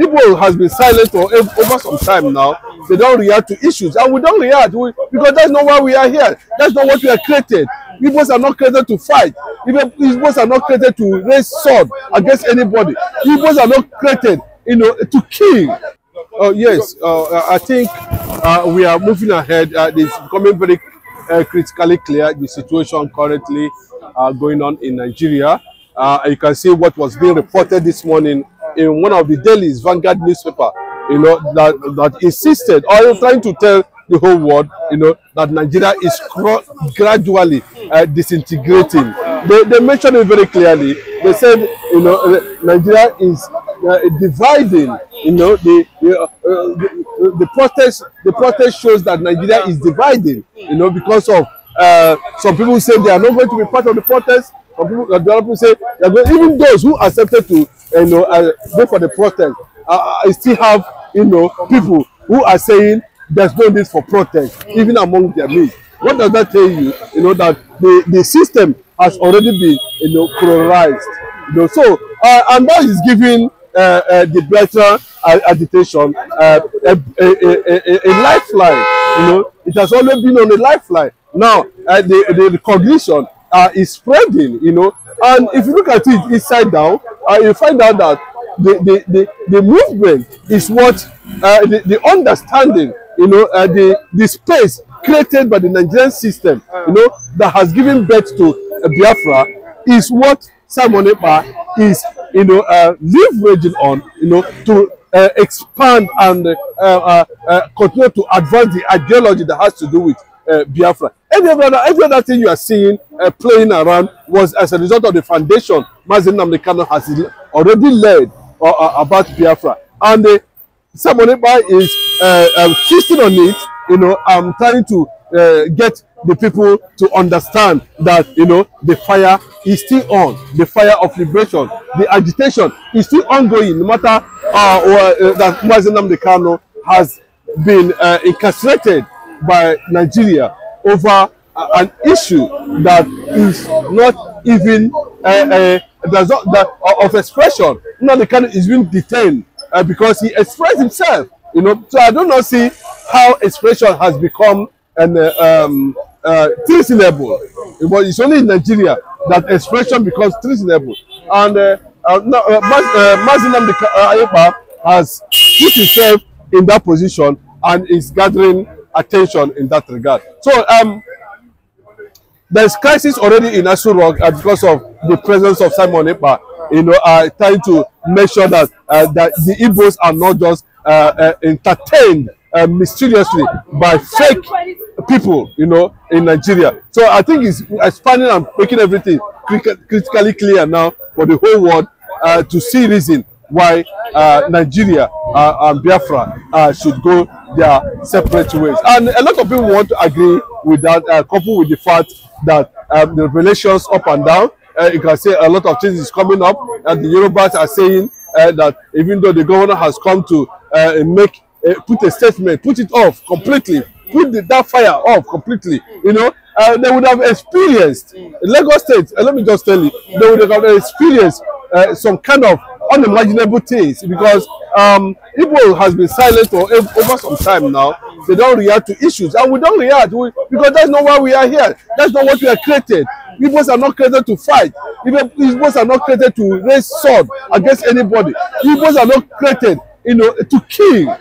Ibo has been silent for over some time now. They don't react to issues. And we don't react we, because that's not why we are here. That's not what we are created. Igbos are not created to fight. Igbos are not created to raise sword against anybody. Igbos are not created you know, to kill. Uh, yes, uh, I think uh, we are moving ahead. Uh, it's becoming very uh, critically clear the situation currently uh, going on in Nigeria. Uh, you can see what was being reported this morning in one of the dailies, Vanguard newspaper, you know, that, that insisted or is trying to tell the whole world, you know, that Nigeria is gradually uh, disintegrating. They, they mentioned it very clearly. They said, you know, uh, Nigeria is uh, dividing. You know, the the, uh, the the, protest the protest shows that Nigeria is dividing. You know, because of uh, some people say they are not going to be part of the protest. Some people, say, even those who accepted to you know, uh, go for the protest, uh, uh, I still have you know, people who are saying there's no need for protest, even among their mates. What does that tell you? You know, that the, the system has already been you know, polarized. You know, so, uh, and that is giving uh, uh, the better uh, agitation uh, a, a, a, a, lifeline. You know, it has always been on a lifeline. Now, uh, the, the recognition uh, is spreading, you know. And if you look at it inside down, uh, you find out that the, the, the, the movement is what uh, the, the understanding, you know, uh, the, the space created by the Nigerian system, you know, that has given birth to uh, Biafra is what Simon Epa is, you know, uh, leveraging on, you know, to uh, expand and uh, uh, uh, continue to advance the ideology that has to do with uh, Biafra. Every other, every other thing you are seeing uh, playing around was as a result of the foundation Mazin Namdekano has already led uh, uh, about Biafra. And uh, Samoneba is uh, um, feasting on it, you know, I'm trying to uh, get the people to understand that, you know, the fire is still on, the fire of liberation, the agitation is still ongoing, no matter uh, uh, that Mazin Namdekano has been uh, incarcerated by Nigeria over an issue that is not even uh, uh, not, that, of expression. the kind is being detained uh, because he expressed himself. You know, so I do not see how expression has become an um, But it's only in Nigeria that expression becomes treasonable. And uh, uh, no, uh, has put himself in that position and is gathering attention in that regard. So um, there's crisis already in Asurok uh, because of the presence of Simon Epa, you know, uh, trying to make sure that, uh, that the Igbos are not just uh, uh entertained uh, mysteriously by fake people, you know, in Nigeria. So I think it's expanding and making everything critically clear now for the whole world uh, to see reason why Nigeria and Biafra should go their separate ways. And a lot of people want to agree with that, uh, coupled with the fact that um, the relations up and down, uh, you can say a lot of things is coming up, and the Eurobats are saying uh, that even though the governor has come to uh, make uh, put a statement, put it off completely, put the, that fire off completely, you know, uh, they would have experienced Lagos State. Uh, let me just tell you, they would have experienced uh, some kind of unimaginable things because um, people has been silent for over some time now. They don't react to issues, and we don't react we, because that's not why we are here. That's not what we are created. Igbos are not created to fight. Igbos are not created to raise sword against anybody. Igbos are not created, you know, to kill.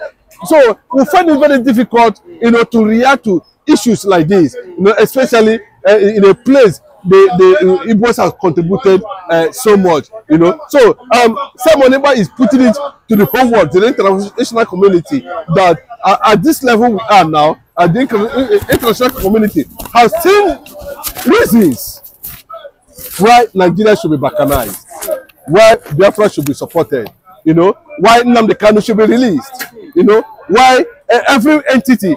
So we find it very difficult, you know, to react to issues like this, you know, especially uh, in a place the the uh, Igbos has contributed uh, so much, you know. So um, Sam Onimba is putting it to the whole world, to the international community, that uh, at this level we are now, at the international community has seen reasons why Nigeria should be balkanized, why Biafra should be supported, you know, why Nnamdi Kanu should be released, you know, why eh, every entity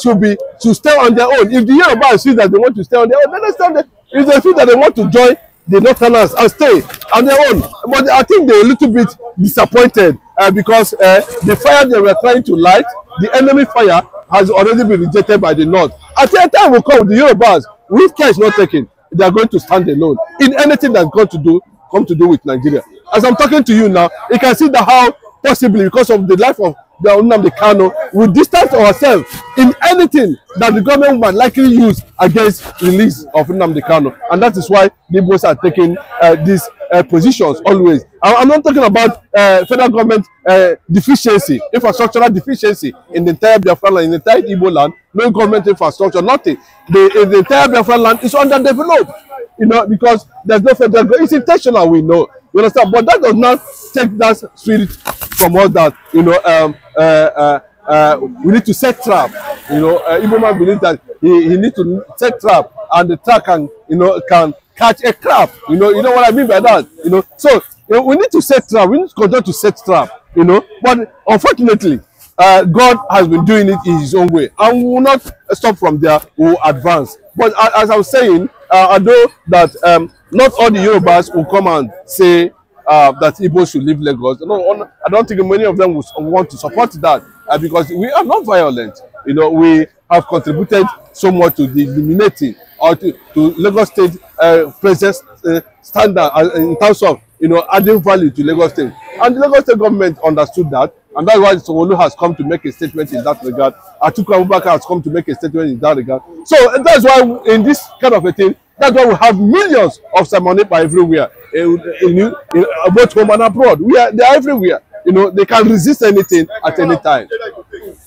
should be to stay on their own. If the Yoruba see that they want to stay on their own, they understand stay on their If they feel that they want to join the Northerners and stay on their own, but I think they a little bit disappointed uh, because uh, the fire they were trying to light, the enemy fire, has already been rejected by the North. At any time will come, the Yorubas, if care is not taken, they are going to stand alone in anything that's got to do come to do with Nigeria. As I'm talking to you now, you can see that how possibly because of the life of the Unamdi Kano, we distance ourselves in anything that the government might likely use against release of Unamdi Kano. And that is why the are taking uh, these uh, positions always. I, am not talking about uh, federal government uh, deficiency, infrastructural deficiency in the entire Biafra land, in the entire Igbo land, no government infrastructure, nothing. The, the entire Biafra land is underdeveloped, you know, because there's no federal government. It's intentional, we know. You understand? But that does not take that spirit from us that, you know, um, uh, uh, uh, we need to set trap. You know, uh, man believes that he, he needs to set trap and the trap can, you know, can catch a crab. You know, you know what I mean by that? You know, so you know, we need to set trap. We need to continue to set trap, you know. But unfortunately, uh, God has been doing it in his own way. And we will not stop from there, we will advance. But as I was saying, uh, although that um, not all the Yorubas will come and say uh, that Igbo should leave Lagos. No, I don't think many of them would want to support that uh, because we are not violent. You know, we have contributed so much to the illuminating or to, to Lagos State uh, presence uh, standard uh, in terms of you know adding value to Lagos State. And the Lagos State government understood that, and that's why Sowolu has come to make a statement in that regard. Atiku Abubakar has come to make a statement in that regard. So that's why in this kind of a thing, That's why we have millions of Samonepa everywhere, eh, in, in, in, uh, both home and abroad. We are, they are everywhere. You know, they can resist anything at any time.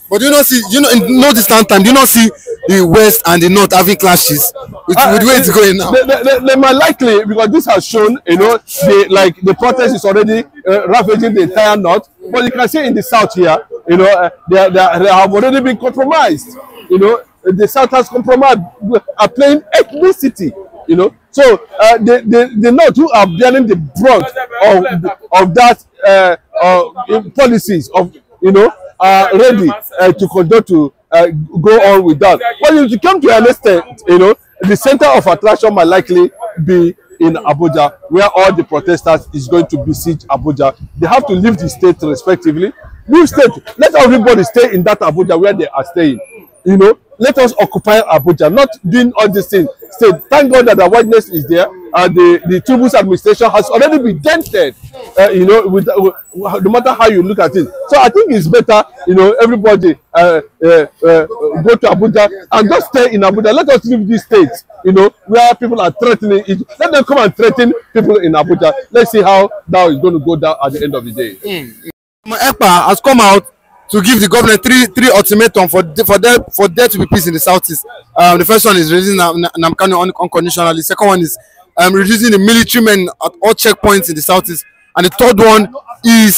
But do you not see, you know, in no distant time, do you not see the West and the North having clashes with, uh, with where it's going now? They, they, they, they might likely, because this has shown, you know, the, like the protest is already uh, ravaging the entire North. But you can see in the South here, you know, uh, they, they, they have already been compromised. You know, the South has compromised, are playing ethnicity, you know. So uh, the, the, the North who are bearing the brunt of, of that uh, uh, policies of, you know, are ready uh, to conduct to uh, go on with that. But if you come to a extent, you know, the center of attraction might likely be in Abuja, where all the protesters is going to besiege Abuja. They have to leave the state respectively. Leave state. Let everybody stay in that Abuja where they are staying. you know let us occupy abuja not doing all these things so thank god that the awareness is there and the the tribune's administration has already been dented uh, you know with, with uh, no matter how you look at it so i think it's better you know everybody uh, uh, uh, go to abuja and just stay in abuja let us leave this state you know where people are threatening it let them come and threaten people in abuja let's see how that is going to go down at the end of the day. Mm. ekpa hmm. has come out to give the government three three ultimatum for for there for there to be peace in the southeast. Um, the first one is releasing Nam Namkano un unconditionally. The second one is um, reducing the military men at all checkpoints in the southeast. And the third one is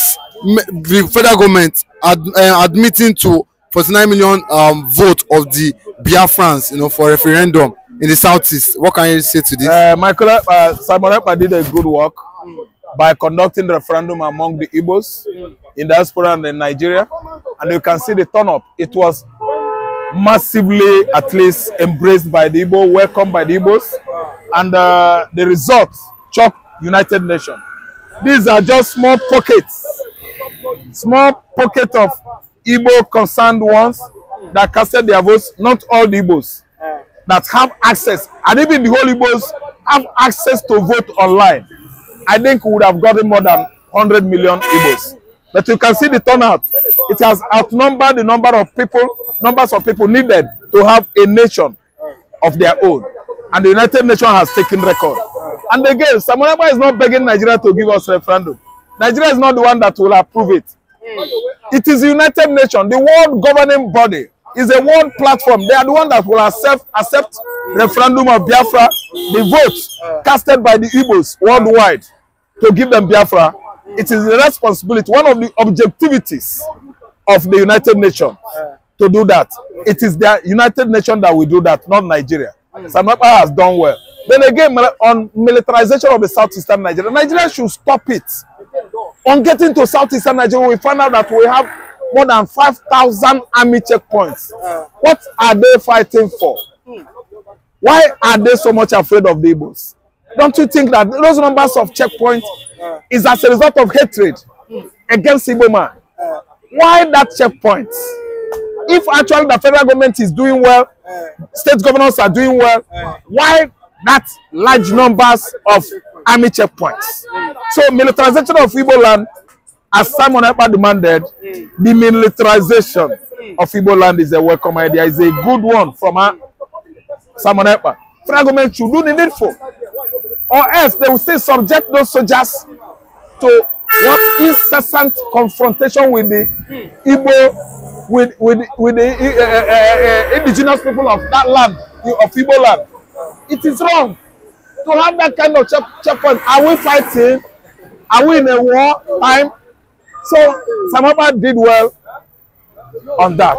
the federal government ad, uh, admitting to 49 million um, vote of the Biafrans, you know, for referendum in the southeast. What can you say to this? Uh, Michael, uh, Simon Rapper did a good work by conducting the referendum among the Igbos. in diaspora and in Nigeria. And you can see the turn up. It was massively, at least, embraced by the Igbo, welcomed by the Igbos. And uh, the result shocked United Nations. These are just small pockets, small pocket of Igbo concerned ones that casted their votes, not all the Igbos that have access, and even the whole Igbos have access to vote online. I think we would have gotten more than 100 million Igbos. But you can see the turnout. It has outnumbered the number of people, numbers of people needed to have a nation of their own. And the United Nations has taken record. And again, Samunaba is not begging Nigeria to give us referendum. Nigeria is not the one that will approve it. It is the United Nations, the world governing body, is a world platform. They are the one that will accept accept referendum of Biafra, the votes casted by the Igbos worldwide to give them Biafra it is the responsibility one of the objectivities of the united nations to do that it is the united nations that will do that not nigeria mm. samapa has done well then again on militarization of the southeastern nigeria nigeria should stop it on getting to southeastern nigeria we find out that we have more than 5,000 army checkpoints. Hmm. what are they fighting for? Hmm. Why are they so much afraid of the Igbos? Don't you think that those numbers of checkpoints is as a result of hatred against Igbo man. Why that checkpoint? If actually the federal government is doing well, state governors are doing well, why that large numbers of army checkpoints? So militarization of Igbo land, as Simon Epa demanded, the militarization of Igbo land is a welcome idea, is a good one from uh, Simon Epa. Federal government should do the needful. or else they will still subject those soldiers to what incessant confrontation with the Igbo, with, with, with the uh, uh, uh, indigenous people of that land, of Igbo land. It is wrong to have that kind of checkpoint. Are we fighting? Are we in a war time? So Samaba did well on that.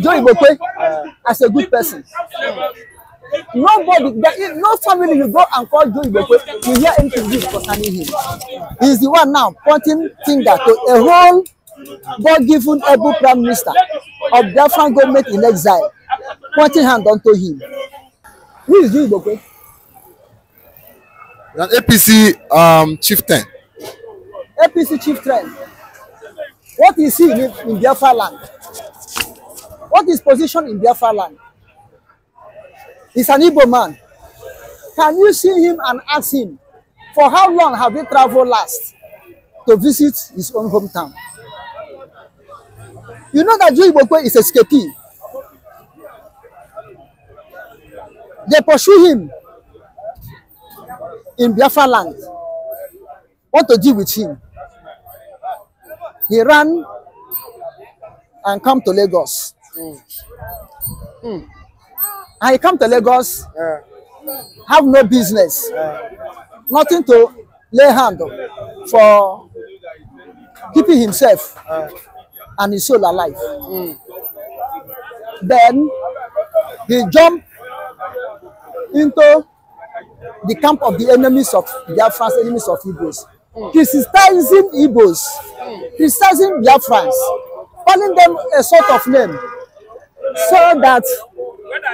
Joe Igbope, as a good person, Nobody, there is no family you go and call Joe Igbekwe, you hear anything good concerning him. He's the one now pointing finger to a whole God-given able prime minister of Biafran government in exile, pointing hand onto him. Who is Joe Igbekwe? An APC um, chieftain. APC chieftain. What is he in, in Biafra land? What is position in Biafra land? He's an Igbo man. Can you see him and ask him, for how long have you traveled last to visit his own hometown? You know that Joe Ibokwe is escapee. They pursue him in Biafra land. What to do with him? He ran and come to Lagos. Mm. Mm. and he come to Lagos, yeah. have no business, yeah. nothing to lay hand on for keeping himself yeah. and his soul alive. Mm. Then he jumped into the camp of the enemies of Biafrans, enemies of Igbos, mm. criticizing Igbos, mm. criticizing Biafrans, calling them a sort of name so that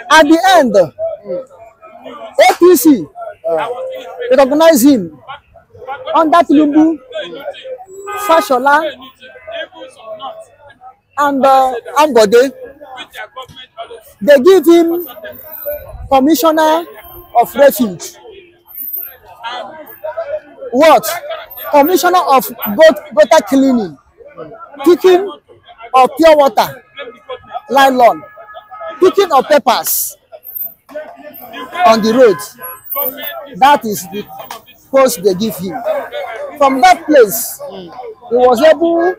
At the end, APC recognize him on that lumbu, Fashola, and uh, Ambode. They give him commissioner of refuge. What? Commissioner of water cleaning, picking of pure water, nylon picking of peppers on the road that is the post they give him from that place he was able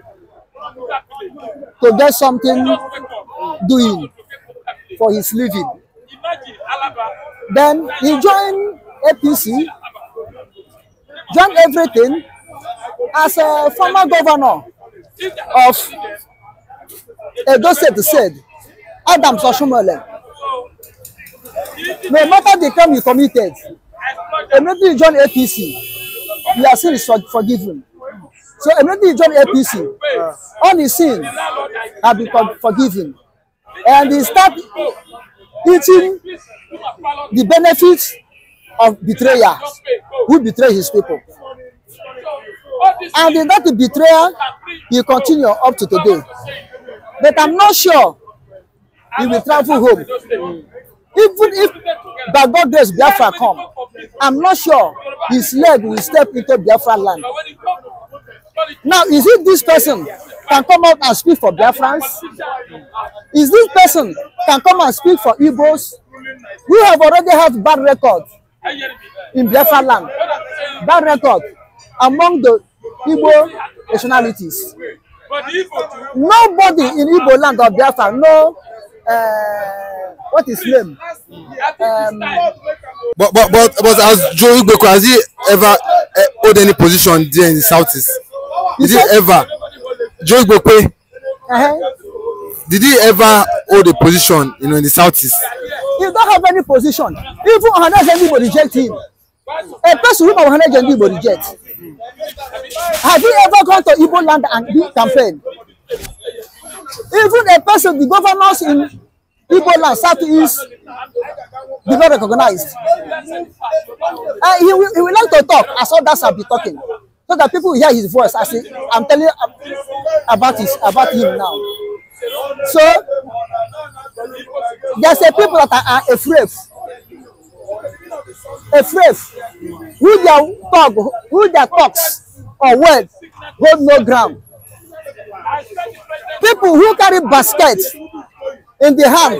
to get something doing for his living then he joined apc joined everything as a former governor of edo state said Adam Soshumole. No matter the crime you committed, maybe you join APC, your sin is forgiven. So maybe you join APC, all his sins have been forgiven. And he start eating the benefits of betrayer who betray his people. And in that betrayal, he continue up to today. But I'm not sure he will travel home. Even if by God grace Biafra come, I'm not sure his leg will step into Biafra land. Now, is it this person can come out and speak for Biafrans? Is this person can come and speak for Igbos? We have already had bad record in Biafra land. Bad record among the Igbo nationalities. Nobody in Igbo land or Biafra know uh, what is name? Um, but but but but as Joe Igbeko has he ever uh, eh, hold any position there in the South East? Did he ever? Joe Igbeko. Uh-huh. Did he ever hold a position you know in the South East? He don't have any position. Even Ohana Zendibo reject him. A person whom Ohana Zendibo reject. Have he ever gone to Igbo land and campaign? Even a person, the governors in Igbo land, Southeast, they not recognized. And he will, he will like to talk as others have been talking. So that people hear his voice I he, I'm telling about, his, about him now. So, there's a people that are, are afraid. Afraid. Who their talk, who their talks or words hold no ground. People who carry baskets in the hand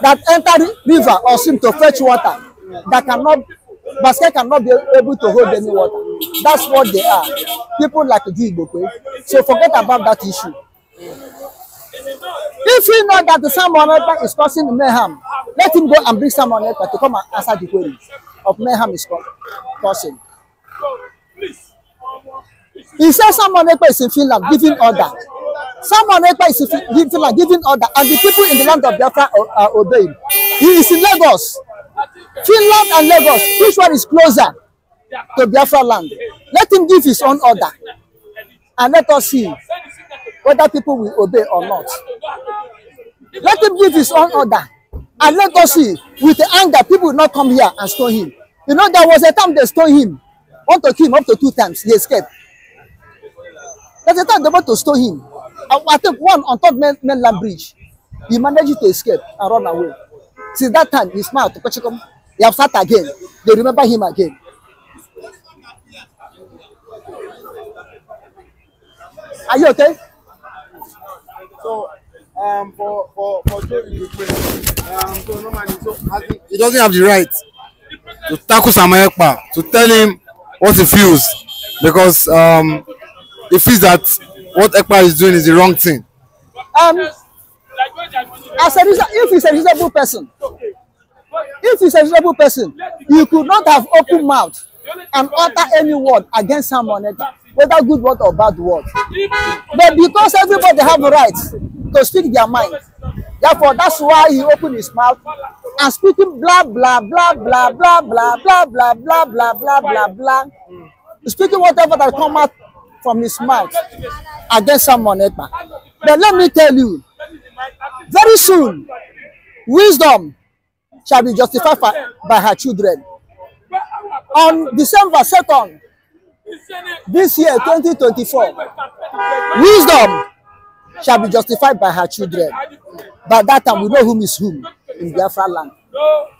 that enter river or seem to fetch water that cannot basket cannot be able to hold any water. That's what they are. People like Jigbope. So forget about that issue. If you know that the Salmon is causing mayhem, let him go and bring Salmon Elpa to come and answer the query of mayhem is causing. He says Salmon Elpa is in Finland giving order Someone Ekpa is giving, like, giving order, and the people in the land of Biafra are, are obeying. He is in Lagos. Finland and Lagos, which one is closer to Biafra land? Let him give his own order, and let us see whether people will obey or not. Let him give his own order, and let us see with the anger people will not come here and stone him. You know, there was a time they stone him, one time, him up to two times, he escaped. There's a time they want to stone him. I think one on top main, mainland bridge. He managed to escape and run away. Since that time, he smiled. to Kochikom. he have sat again. They remember him again. Are you okay? So, um, for for for Jerry, um, so normally, so has he, he doesn't have the right to tackle Samayekpa to tell him what he feels because um, he feels that what Ekpa is doing is the wrong thing. Um, as a if he's a reasonable person, if he's a reasonable person, you could not have open mouth and utter any word against someone, whether good word or bad word. But because everybody have a right to speak their mind, therefore that's why he opened his mouth and speaking blah blah blah blah blah blah blah blah blah blah blah blah blah. Speaking whatever that come out from his mouth against Simon Ekpa. But let me tell you, very soon, wisdom shall be justified by her children. On December 2nd, this year, 2024, wisdom shall be justified by her children. By that time, we know whom is whom in Biafra land.